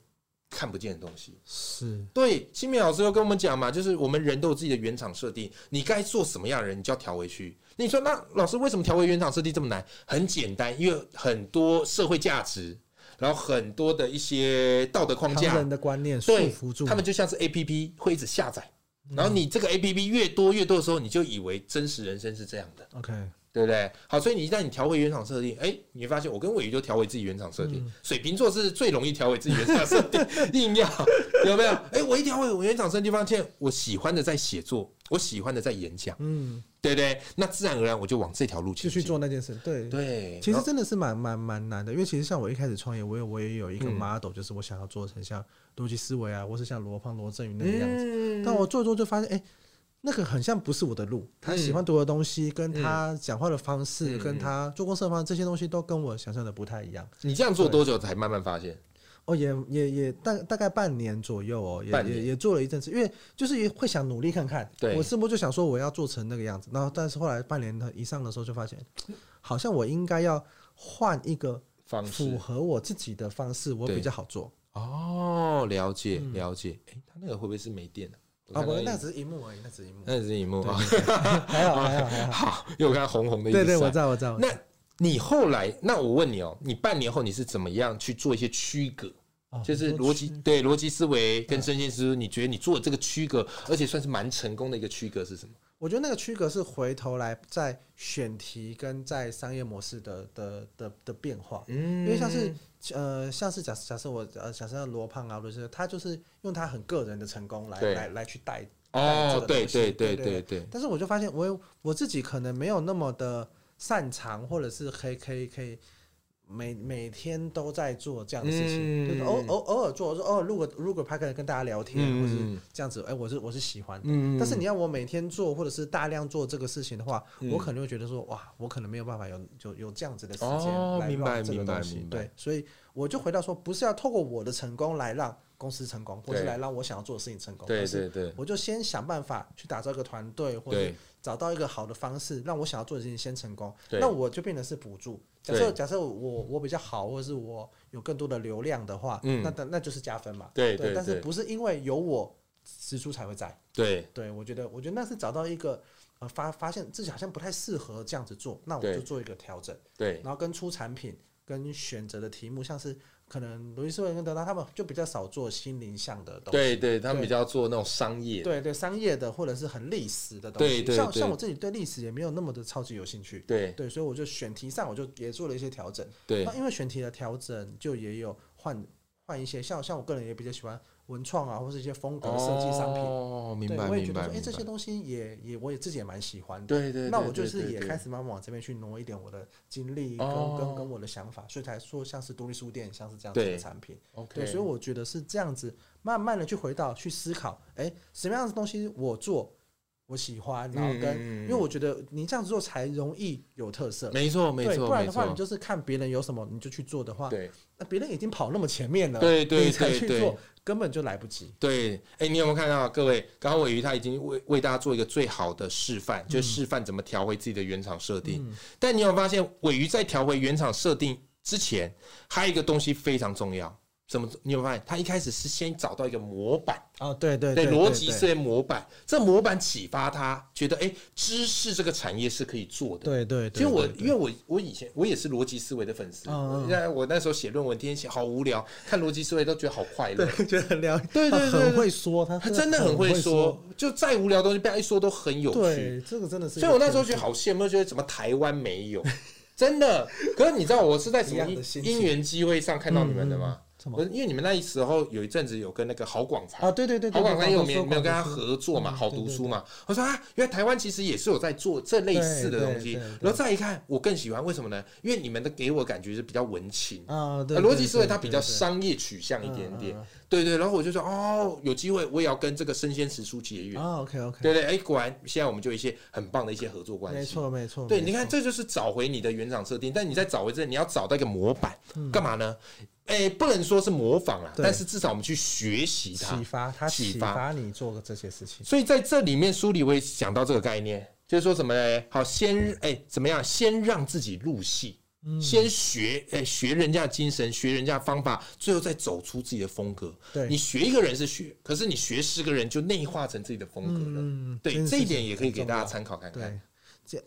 看不見的東西是對，新明老師又跟我們講嘛，就是我們人都有自己的原廠設定，你該做什麼樣的人，你就要調回去。你說那老師為什麼調回原廠設定這麼難？很簡單，因為很多社會價值，然後很多的一些道德框架，人的觀念束縛住，對，他們就像是 A P P 會一直下載，嗯，然後你這個 A P P 越多越多的時候，你就以為真實人生是這樣的。OK。對不對？好，所以你一旦你調回原廠設定，哎、欸，你會發現我跟鮪魚就調回自己原廠設定、嗯。水瓶座是最容易調回自己原廠設定，硬 要有沒有？哎、欸，我一調回我原廠設定方，發現我喜歡的在寫作，我喜歡的在演講，嗯，對不對？那自然而然我就往這條路去，去做那件事。對對，其實真的是蠻蠻蠻,蠻難的，因為其實像我一開始創業，我也我也有一個 model，、嗯、就是我想要做成像邏輯思維啊，或是像羅胖、羅振宇那個樣子。嗯、但我做做就發現，哎、欸。那個很像不是我的路，他喜歡讀的東西，跟他講話的方，他的方式，跟他做公司的方式，這些東西都跟我想象的不太一樣。你這樣做多久才慢慢發現？哦，也也也大大概半年左右哦，也也也做了一陣子，因為就是也會想努力看看。對，我是不是就想說我要做成那個樣子？然後，但是後來半年以上的時候就發現，好像我應該要換一個方式，符合我自己的方式，我比較好做。哦，了解了解。誒、嗯欸，他那個會不會是沒電了、啊？啊、哦、不，那只是螢幕而已，那只螢幕、幕，那只螢幕啊，還好 還好還好。好，因為我看到紅紅的一對，對對，我知道，我知道。那你後來，那我問你哦、喔，你半年後你是怎麼樣去做一些區隔、哦？就是邏輯對邏輯思維跟生鮮時書、嗯。你覺得你做的這個區隔，而且算是蠻成功的一個區隔是什麼？我覺得那個區隔是回頭來在選題跟在商業模式的的的的、的變化，嗯，因為像是。呃，像是假假設我呃，假設羅胖啊不是，他，就是用他很個人的成功來來來去帶哦，帶這個東西，對對對對對,對,對,對,對對對。但是我就發現我，我我自己可能沒有那麼的擅長，或者是可以可以可以。每每天都在做這樣的事情，就、嗯、是偶偶偶爾做，偶爾如果如果拍跟大家聊天、嗯，或是這樣子，哎，我是我是喜歡的、嗯，但是你要我每天做或者是大量做這個事情的話、嗯，我可能會覺得說，哇，我可能沒有辦法有就有這樣子的時間來賣、哦、這個東西，明白明白。對，所以我就回到說，不是要透過我的成功來讓公司成功，或是來讓我想要做的事情成功。對對對，我就先想辦法去打造一個團隊，或者。找到一個好的方式，讓我想要做的事情先成功，那我就變成是補助。假設，假設我我比較好，或者是我有更多的流量的話，嗯、那那那就是加分嘛。對，對，對，但是不是因為有我支出才會在？對，對，我覺得我覺得那是找到一個呃發發現自己好像不太適合這樣子做，那我就做一個調整。對，然後跟出產品。跟選擇的題目，像是可能羅輯思維跟德拉他們就比較少做心靈向的東西。對對，對，對，他們比較做那種商業。對，對對，商業的或者是很歷史的東西。像像我自己對歷史也沒有那麼的超級有興趣。對對，對，對，所以我就選題上我就也做了一些調整。對。那因為選題的調整，就也有換換一些，像像我個人也比較喜歡。文創啊，或者是一些風格設計商品，哦、對，明白，我也覺得，哎、欸，這些東西也也，我也自己也蠻喜歡的。對對對，對對對，那我就是也開始慢慢往這邊去挪一點我的精力跟，跟、哦、跟跟我的想法，所以才說像是獨立書店，像是這樣子的產品。對、okay。對，所以我覺得是這樣子，慢慢的去回到去思考，哎、欸，什麼樣的東西我做。我喜歡，然後跟、嗯，因為我覺得你這樣做才容易有特色，沒錯沒錯，不然的話你就是看別人有什麼你就去做的話，對，那別人已經跑那麼前面了，對對對對，對，根本就來不及。對，哎、欸，你有沒有看到各位？剛剛鮪魚他已經為為大家做一個最好的示範、嗯，就是、示範怎麼調回自己的原廠設定、嗯。但你有發現，鮪魚在調回原廠設定之前，還有一個東西非常重要。怎麼？你有，沒有發現？他一開始是先找到一個模板啊，哦、對，對對對，邏輯思維模板。對對對對對，這模板啟發他，覺得哎，知識這個產業是可以做的。對對，對，對，對，其實我因為我我以前我也是邏輯思維的粉絲。嗯嗯我我那時候寫論文，天天寫，好無聊。看邏輯思維都覺得好快樂，對，覺得很聊，對對對，對，對，他很會說，他，他真的很會，說他很會說，就再無聊的東西被他一說都很有趣。對，這個真的是，所以我那時候覺得好羨慕，覺得怎麼台灣沒有？ 真的？可是你知道我是在什麼因因緣機會上看到你們的嗎？嗯因為你們那時候有一陣子有跟那個郝廣才啊，對對對，郝廣才有沒、哦對對對嗯、沒有跟他合作嘛？嗯、好讀書嘛？對對對對我說啊，原來，台灣其實也是有在做這類似的東西。對對對對然後再一看，對對對對我更喜歡為什麼呢？因為你們的給我的感覺是比較文青啊，邏輯思維他比較商業取向一點點。對對,對，然後我就說哦，有機會我也要跟這個生鮮時書結約啊。OK o、okay、對,對對，哎、欸，果然現在我們就一些很棒的一些合作關係，沒錯沒錯。對，你看這就是找回你的原廠設定，但你在找回這你要找到一個模板，幹、嗯、嘛呢？哎、欸，不能說是模仿啊，但是至少我們去學習它，啟發它，啟發你做的這些事情。所以在這裡面，書裡我也講到這個概念，就是說什麼呢？好，先哎、欸、怎麼樣？先讓自己入戲、嗯，先學哎、欸、學人家的精神，學人家的方法，最後再走出自己的風格。對。你學一個人是學，可是你學十個人就內化成自己的風格了。嗯、對，對，這一點，也可以給大家參考看看。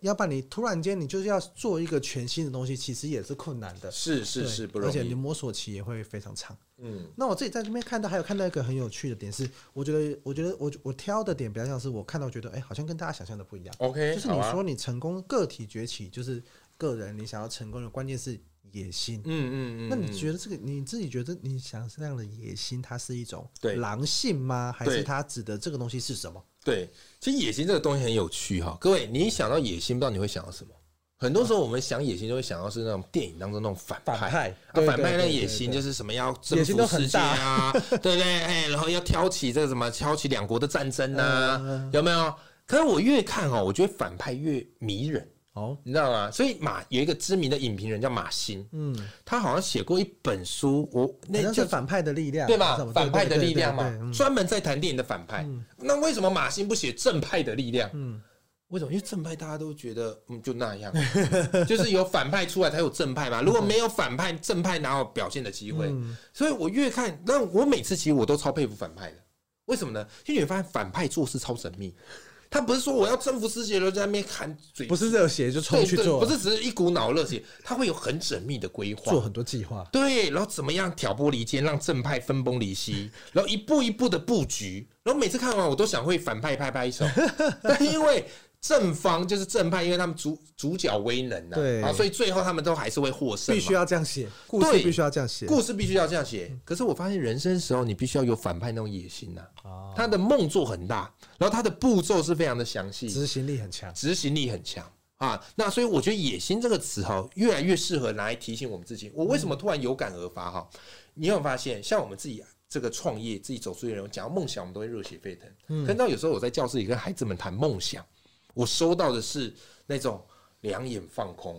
要不然你突然間你就是要做一個全新的東西，其實也是困難的。是是是，不而且你摸索期也會非常長。嗯，那我自己在這邊看到，還有看到一個很有趣的點是，我覺得，我覺得我我挑的點比較像是我看到覺得，哎、欸，好像跟大家想象的不一樣。OK，就是你說你成功、啊、個體崛起，就是個人你想要成功的關鍵是野心。嗯，嗯嗯嗯。那你覺得這個你自己覺得你想是那樣的野心，它是一種狼性嗎？還是它指的這個東西是什麼？對，其實野心這個東西很有趣哈。各位，你一想到野心，不知道你會想到什麼？很多時候我們想野心，就會想到是那種電影當中那種反派，啊，反派那、啊、野心就是什麼要征服世界啊， 對不對？對？哎、欸，然後要挑起這個什麼挑起兩國的戰爭吶、啊，有沒有？可是我越看哦、喔，我覺得反派越迷人。哦、oh，你知道嗎？所以馬有一個知名的影評人叫馬欣，嗯，他好像寫過一本書，我那是反派的力量，就是、對吧？反派的力量嘛，專門在談電影的反派。嗯、那為什麼馬欣不寫正派的力量？嗯，為什麼？因為正派大家都覺得，嗯，就那樣，嗯、就是有反派出來才有正派嘛。 如果沒有反派，正派哪有表現的機會、嗯？所以我越看，那我每次其實我都超佩服反派的。為什麼呢？因為你發現反派做事超縝密。他不是說我要征服世界，就在那邊喊嘴。不是熱血就衝去做，不是只是一股腦熱血，他會有很縝密的規劃，做很多計劃。對，然後怎麼樣挑撥離間，讓正派分崩離析，然後一步一步的布局，然後每次看完我都想會反派拍拍手，但因為。正方就是正派，因為他們主主角威能啊，啊，所以最後他們都還是會獲勝。必須要這樣寫，故事必須要這樣寫，故事必須要這樣寫。可是我發現人生時候，你必須要有反派那種野心吶、啊嗯，他的夢做很大，然後他的步驟是非常的詳細，執行力很強，執行力很強啊。那所以我覺得野心這個詞哈，越來越適合拿來提醒我們自己。我為什麼突然有感而發哈、嗯？你有沒有發現，像我們自己這個創業，自己走出去的人，講到夢想，我們都會熱血沸騰、嗯。看到有時候我在教室裡跟孩子們談夢想。我收到的是那種兩眼放空，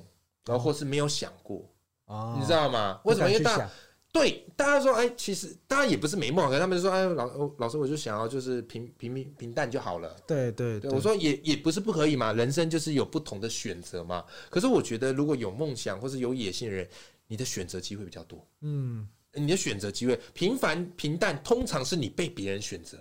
然後、哦、或是沒有想過、哦、你知道嗎？啊、為什麼？因為大家對大家說，哎，其實大家也不是沒夢，可是他們就說，哎，老老師，我就想要就是平平平平淡就好了。對對對，對，我說也也不是不可以嘛，人生就是有不同的選擇嘛。可是我覺得如果有夢想或是有野心的人，你的選擇機會比較多。嗯，你的選擇機會平凡平淡，通常是你被別人選擇。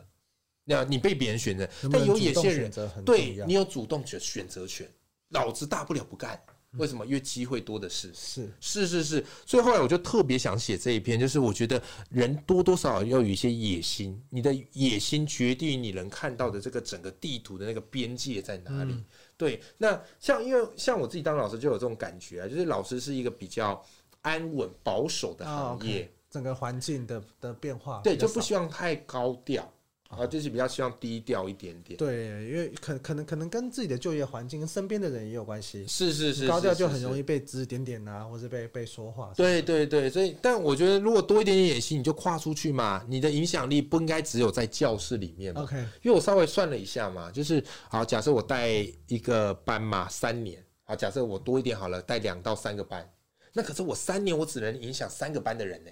那你被別人選擇，但有野心的人，對你有主動選選擇權。老子大不了不幹，為什麼？因為機會多的是，是是是是。所以後來，我就特別想寫這一篇，就是我覺得人多多少少要有一些野心。你的野心決定你能看到的這個整個地圖的那個邊界在哪裡。對，那像因為像我自己當老師就有這種感覺啊，就是老師是一個比較安穩保守的行業，整個環境的的變化，對，就不希望太高調。啊，就是比較希望低調一點點。對，因為可可能可能跟自己的就業環境、跟身邊的人也有關係。是是是，是，高調就很容易被指指點點吶、啊，或是被被說話是是。對對對，所以但我覺得如果多一點點野心，你就跨出去嘛。你的影響力不應該只有在教室裡面。OK，因為我稍微算了一下嘛，就是好，假設我帶一個班嘛，三年。好，假設我多一點好了，帶兩到三個班，那可是我三年我只能影響三個班的人呢。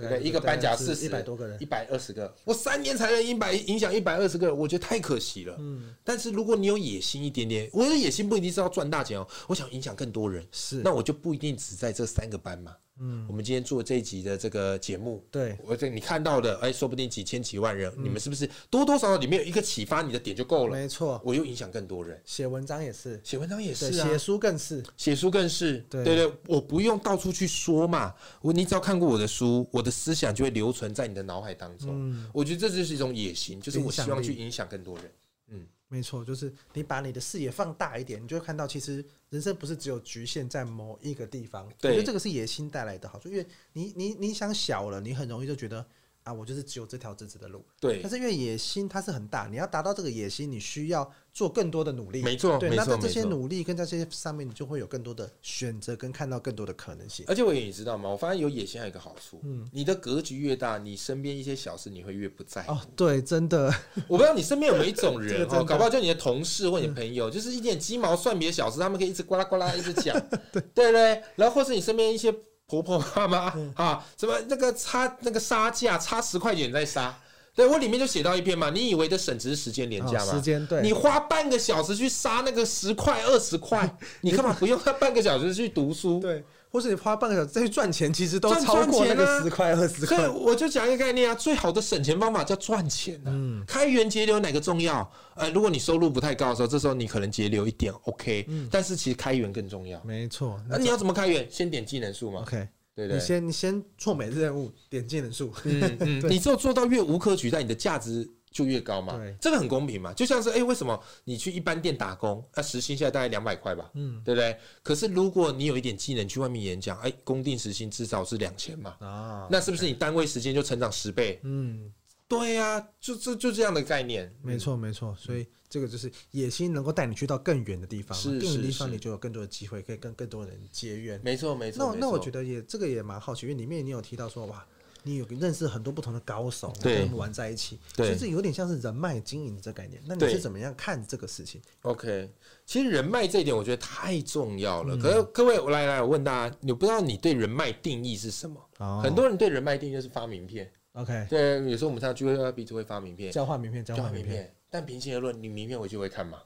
對對對，一個班加四十，一百多個人，一百二十個。我三年才能贏百影響一百二十個人，我覺得太可惜了。嗯。但是如果你有野心一點點，我有野心不一定是要賺大錢哦、喔，我想影響更多人。是，那我就不一定只在這三個班嘛。嗯，我們今天做這一集的這個節目對，對我這你看到的誒，說不定幾千幾萬人，嗯、你們是不是多多少少裡面有一個啟發你的點就夠了？沒錯，我又影響更多人。寫文章也是，寫文章也是、啊，寫書更是，寫書更是對。對對對，我不用到處去說嘛，我你只要看過我的書，我的思想就會留存在你的腦海當中、嗯。我覺得這就是一種野心，就是我希望去影響更多人。嗯，嗯，沒錯，就是你把你的視野放大一點，你就會看到其實。人生不是只有侷限在某一個地方，對，我覺得這個是野心帶來的好處，因為你你你想小了，你很容易就覺得。我就是只有這條直直的路。對，但是因為野心它是很大，你要達到這個野心，你需要做更多的努力。沒錯，對。那在這些努力跟在這些上面，你就會有更多的選擇跟看到更多的可能性。而且我也你知道嗎？我發現有野心還有一個好處，嗯，你的格局越大，你身邊一些小事你會越不在意。嗯、哦，哦哦哦、對，真的。我不知道你身邊有沒有一種人哦，搞不好就你的同事或你朋友，就是一點雞毛蒜皮的小事，他們可以一直呱啦呱啦一直講、嗯。對對對，然後或是你身邊一些。婆婆媽媽、嗯、啊，什麼那個差那個殺價差十塊錢再殺？對，我裡面就寫到一篇嘛，你以為的省值時間廉價嗎？哦、時間對，你花半個小時去殺那個十塊二十塊， 你幹嘛不用那半個小時去讀書？對。或者你花半個小時再去賺錢，其實都超過那個十塊二十塊。我就講一個概念啊，最好的省錢方法叫賺錢、啊、嗯，開源節流哪個重要？呃，如果你收入不太高的時候，這時候你可能節流一點 OK，、嗯、但是其實開源更重要。沒錯，那、啊、你要怎麼開源？先點技能樹嘛。OK，、嗯、對，對對，你先你先做每日任務，點技能樹 嗯嗯，你做做到越無可取代，你的價值。就越高嘛，對，這個很公平嘛。就像是，哎、欸，為什麼你去一般店打工，那、啊、時薪現在大概兩百塊吧，嗯，對不對？可是如果你有一點技能，去外面演講，哎、欸，公定時薪至少是兩千嘛，啊、哦，那是不是你單位時間就成長十倍？嗯，對呀、啊，就這就，就這樣的概念，嗯、沒錯沒錯。所以這個就是野心能夠帶你去到更遠的地方，是這個地方你就有更多的機會，可以跟更多人結緣。沒錯沒錯，那沒錯那我覺得也這個也蠻好奇，因為裡面你有提到說，哇，你有認識很多不同的高手，跟他們玩在一起，其實有點像是人脈經營這概念。那你是怎麼樣看這個事情？OK，其實人脈這一點我覺得太重要了。嗯、可是各位，我來來，我問大家，你不知道你對人脈定義是什麼？哦、很多人對人脈定義就是發名片。OK，對，有時候我們參加聚會，要彼此會發名片，交換名片，交換名,名,名片。但平心而論，你名片回去會看嗎？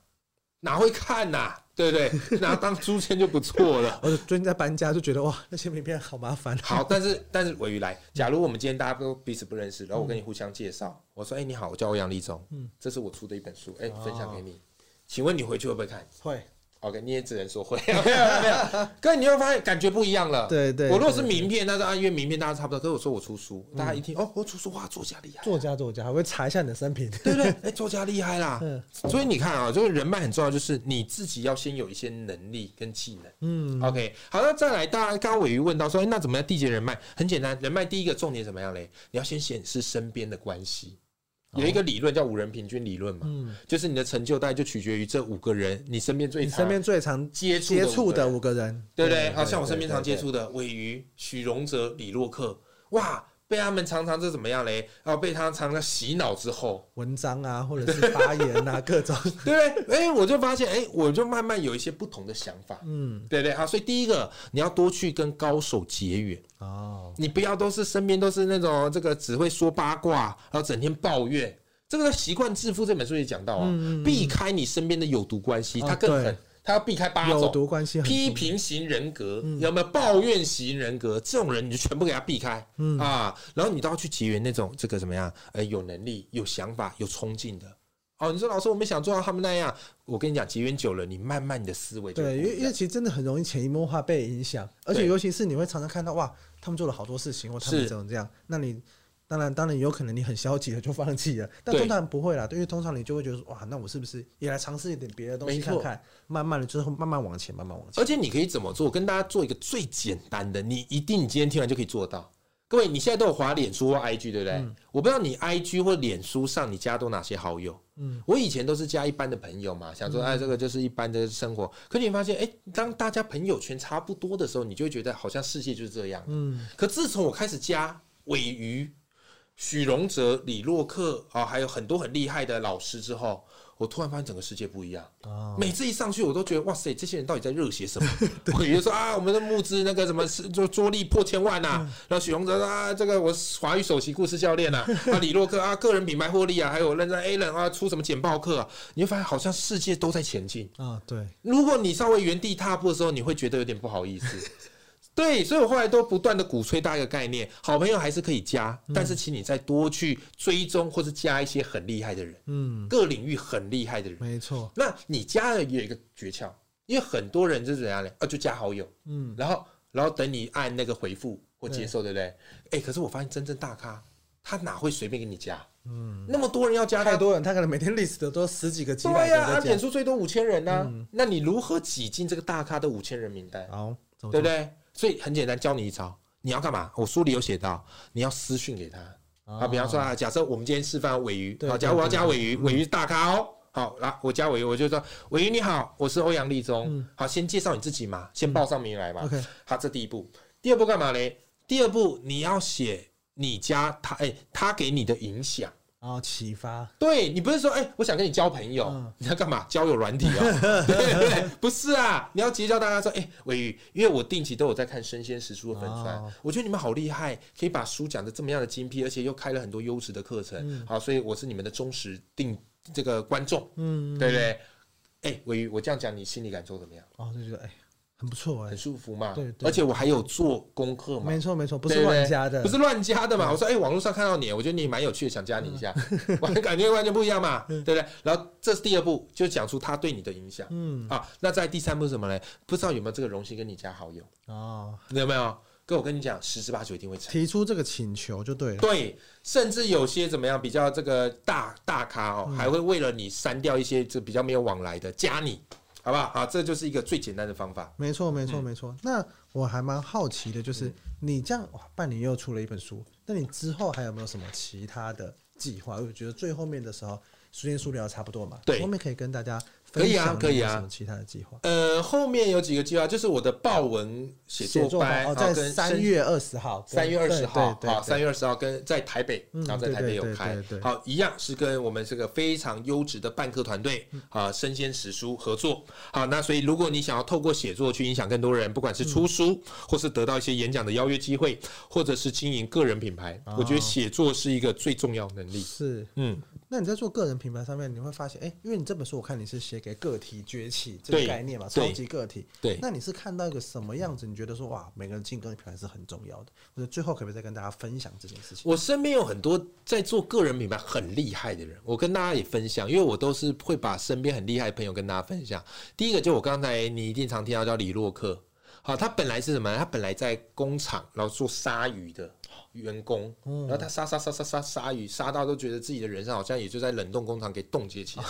哪會看吶、啊？對對對，那當書籤就不錯了。 我最近在搬家，就覺得哇，那些名片好麻煩、啊。好，但是但是鮪魚來，假如我們今天大家都彼此不認識，然後我跟你互相介紹、嗯，我說：“哎、欸，你好，我叫歐陽立中，嗯，這是我出的一本書，哎、欸哦，分享給你，請問你回去會不會看？會。” OK，你也只能說會， 沒，有沒有， 可是你會發現感覺不一樣了。 對對，對，我如果是名片，那當然、啊、因為名片大家差不多。可是我說我出書，大家一聽、嗯、哦，我出書哇，作家厲害、啊，作家作家，我會查一下你的生平，對不對？作家厲 害啦。所以你看啊，就是人脈很重要，就是你自己要先有一些能力跟技能。嗯，OK，好，那再來，大家剛剛鮪魚問到說，欸、那怎麼樣締結人脈？很簡單，人脈第一個重點怎麼樣嘞？你要先顯示身邊的關係。有一個理論叫五人平均理論嘛、嗯，就是你的成就大概就取決於這五個人，你身邊最，最常接觸接觸的五個人，對不對？好像我身邊常接觸的韋於許榮哲、李洛克，哇！被他們常常這怎麼樣嘞？然、啊、後被他們常常洗腦之後，文章啊，或者是發言啊，各種對不 對？誒、欸，我就發現，誒、欸，我就慢慢有一些不同的想法。嗯，對對，好、啊，所以第一個，你要多去跟高手結緣哦，你不要都是身邊都是那種這個只會說八卦，然後整天抱怨。這個《習慣致富》這本書也講到啊，嗯嗯避開你身邊的有毒關係，哦、它更狠。哦他要避開八種有毒關係，批評型人格、嗯，有沒有抱怨型人格、嗯？這種人你就全部給他避開、嗯、啊！然後你都要去結緣那種這個怎麼樣？呃、欸，有能力、有想法、有衝勁的哦。你說老師，我們想做到他們那樣，我跟你講，結緣久了，你慢慢你的思維對，因為因為其實真的很容易潛移默化被影響，而且尤其是你會常常看到哇，他們做了好多事情，或他們怎麼這樣，那你。當然，當然也有可能你很消極了就放棄了，但通常不會啦對。因為通常你就會覺得說哇，那我是不是也來嘗試一點別的東西看看？慢慢的之後，慢慢往前，慢慢往前。而且你可以怎麼做？跟大家做一個最簡單的，你一定你今天聽完就可以做到。各位，你現在都有滑臉書或 IG 對不對、嗯？我不知道你 IG 或臉書上你加都哪些好友。嗯，我以前都是加一般的朋友嘛，想說、嗯、哎，這個就是一般的生活。可你發現哎、欸，當大家朋友圈差不多的時候，你就會覺得好像世界就是這樣。嗯。可自從我開始加鮪魚、許榮哲、李洛克啊，還有很多很厲害的老師。之後，我突然發現整個世界不一樣。哦、每次一上去，我都覺得哇塞，這些人到底在熱血什麼？比 如說啊，我們的募資那個什麼是做力破千萬吶、啊？嗯、然後許榮哲啊，這個我是華語首席故事教練吶、啊，那、 啊、李洛克啊，個人品牌獲利啊，還有人家 Alan 啊，出什麼簡報課、啊，你會發現好像世界都在前進啊、哦。對，如果你稍微原地踏步的時候，你會覺得有點不好意思。 對，所以我後來都不斷的鼓吹大家一個概念，好朋友還是可以加，嗯、但是請你再多去追蹤或是加一些很厲害的人，嗯，各領域很厲害的人。沒錯，那你加的也有一個訣竅，因為很多人就是怎樣呢？就加好友，嗯，然後然後等你按那個回復或接受，對，對不對？誒、欸，可是我發現真正大咖，他哪會隨便給你加？嗯，那麼多人要加他，太多人，他可能每天 list 的都十幾個幾百。對呀、啊，他、啊、點數最多五千人呢、啊嗯。那你如何擠進這個大咖的五千人名單？好，走走對不對？所以很簡單，教你一招，你要幹嘛？我書裡有寫到，你要私訊給他、哦、啊。比方說啊，假設我們今天示範鮪魚，好，假如我要加鮪魚，鮪、嗯、魚大咖哦。好，來、啊、我加鮪魚，我就說，鮪魚你好，我是歐陽立中、嗯。好，先介紹你自己嘛，先報上名來吧。嗯、OK，好、啊，這第一步。第二步幹嘛嘞？第二步你要寫你加他，哎、欸，他給你的影響。哦，啟發！對你不是說，哎、欸，我想跟你交朋友，嗯、你要幹嘛？交友軟體哦， 對不對，對？不是啊，你要結交大家說，哎、欸，鮪魚，因為我定期都有在看生時《生鮮時書》的粉串，我覺得你們好厲害，可以把書講得這麼樣的精闢，而且又開了很多優質的課程、嗯，好，所以我是你們的忠實訂這個觀眾，嗯，嗯，嗯，對不對，對？哎、欸，鮪魚，我這樣講，你心裡感受怎麼樣？哦，就覺得哎。欸很不錯、欸，很舒服嘛。對，對，對，而且我還有做功課嘛。沒錯，沒錯，不是亂加的對不對，不是亂加的嘛、嗯。我說，誒、欸，網絡上看到你，我覺得你蠻有趣的，想加你一下。完、嗯、全 感覺完全不一樣嘛、嗯，對不對？然後這是第二步，就講出他對你的影響。嗯，好、啊。那在第三步是什麼嘞？不知道有沒有這個榮幸跟你加好友哦？你有沒有？哥，我跟你講，十之八九一定會成。提出這個請求就對了。對，甚至有些怎麼樣，比較這個大大咖哦、嗯，還會為了你刪掉一些就比較沒有往來的，加你。好不好？好，這就是一個最簡單的方法。沒錯，沒錯，沒錯。那我還蠻好奇的，就是你這樣、嗯、哇，半年又出了一本書，那你之後還有沒有什麼其他的計劃？我覺得最後面的時候，書籤數量差不多嘛。對，後面可以跟大家。可以啊，可以啊，以啊什麼其他的計劃，呃，後面有幾個計劃，就是我的爆文寫作班，作班哦、在三月二十號，三月二十號，啊，三月二十號跟在台北、嗯，然後在台北有開，好，一樣是跟我們這個非常優質的辦課團隊、嗯、啊，生鮮時書合作，好，那所以如果你想要透過寫作去影響更多人，不管是出書，嗯、或是得到一些演講的邀約機會，或者是經營個人品牌，哦、我覺得寫作是一個最重要能力。是，嗯。那你在做個人品牌上面，你會發現，誒、欸，因為你這本書我看你是寫給個體崛起這個概念嘛，超級個體。對。那你是看到一個什麼樣子？你覺得說哇，每個人建個人品牌是很重要的。那最後可不可以再跟大家分享這件事情？我身邊有很多在做個人品牌很厲害的人，我跟大家也分享，因為我都是會把身邊很厲害的朋友跟大家分享。第一個就我剛才你一定常聽到叫李洛克，好，他本來是什麼？他本來在工廠，然後做鯊魚的員工，然後他殺殺殺殺殺殺魚，殺到都覺得自己的人生好像也就在冷凍工廠給凍結起來。嗯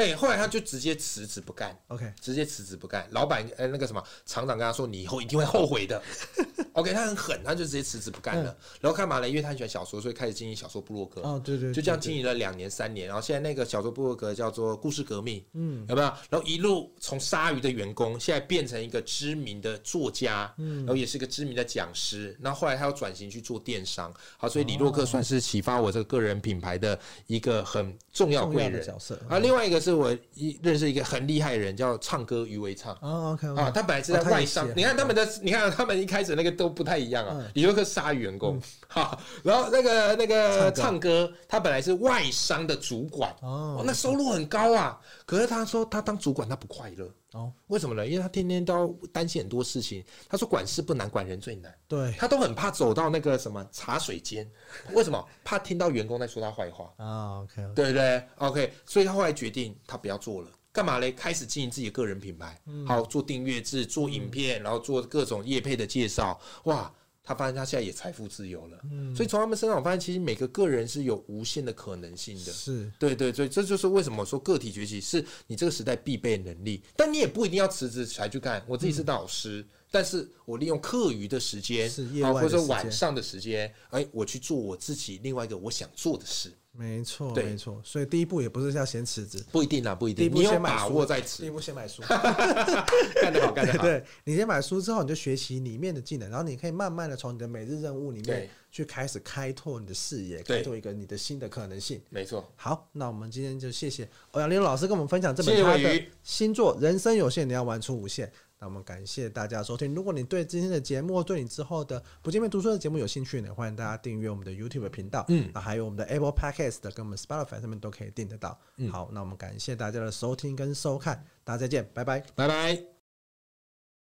對、欸，後來他就直接辭職不幹，OK，直接辭職不幹。老闆，呃、欸，那個什麼廠長跟他說：“你以後一定會後悔的。 ”OK，他很狠，他就直接辭職不幹了、嗯。然後幹嘛呢，因為他很喜歡小說，所以開始經營小說部落格。哦，對對，對，對，對對，就這樣經營了兩年、三年。然後現在那個小說部落格叫做《故事革命》，嗯，有沒有？然後一路從鯊魚的員工，現在變成一個知名的作家，嗯，然後也是一個知名的講師。然後後來他要轉型去做電商，好，所以李洛克算是啟發我這個個人品牌的一個很重要貴人、哦哦、重要的角色。啊、嗯，另外一個是。是我一認識一個很厲害的人，叫唱歌於威唱，oh, okay, okay. 啊，他本來是在外商，oh, 你看他們的，okay. 你看他們一開始那個都不太一樣啊，有一個鯊魚員工。嗯好，然後那個那個唱歌，唱歌，他本來是外商的主管哦，哦，那收入很高啊。可是他說他當主管他不快樂，哦，為什麼呢？因為他天天都要擔心很多事情。他說管事不難，管人最難。對，他都很怕走到那個什麼茶水間， 為什麼？怕聽到員工在說他壞話啊、哦、okay？OK，對不對？OK。所以他後來決定他不要做了，幹嘛嘞？開始經營自己的個人品牌，嗯、好做訂閱制，做影片、嗯，然後做各種業配的介紹，哇。他發現他現在也財富自由了，所以從他們身上我發現，其實每個個人是有無限的可能性的。是，對對對，這就是為什麼說個體崛起是你這個時代必備能力。但你也不一定要辭職才去幹。我自己是當老師，但是我利用課餘的時間，啊，或者說晚上的時間，哎，我去做我自己另外一個我想做的事。沒錯，沒錯。所以第一步也不是要先辭職，不一定啦、啊，不一定。第一步先買書。第一步先買書，幹 得好，幹得好。對，對，對，你先買書之後，你就學習裡面的技能，然後你可以慢慢的從你的每日任務裡面去開始開拓你的視野，開拓一個你的新的可能性。沒錯。好，那我們今天就謝謝歐陽立中老師跟我們分享這本他的新作《人生有限，你要玩出無限》。那我們感謝大家的收聽。如果你對今天的節目，對你之後的不見面讀書的節目有興趣呢，歡迎大家訂閱我們的 YouTube 頻道，啊，還有我們的 Apple Podcast 的，跟我們 Spotify 上面都可以訂得到。好、嗯，那我們感謝大家的收聽跟收看，大家再見，拜拜，拜拜。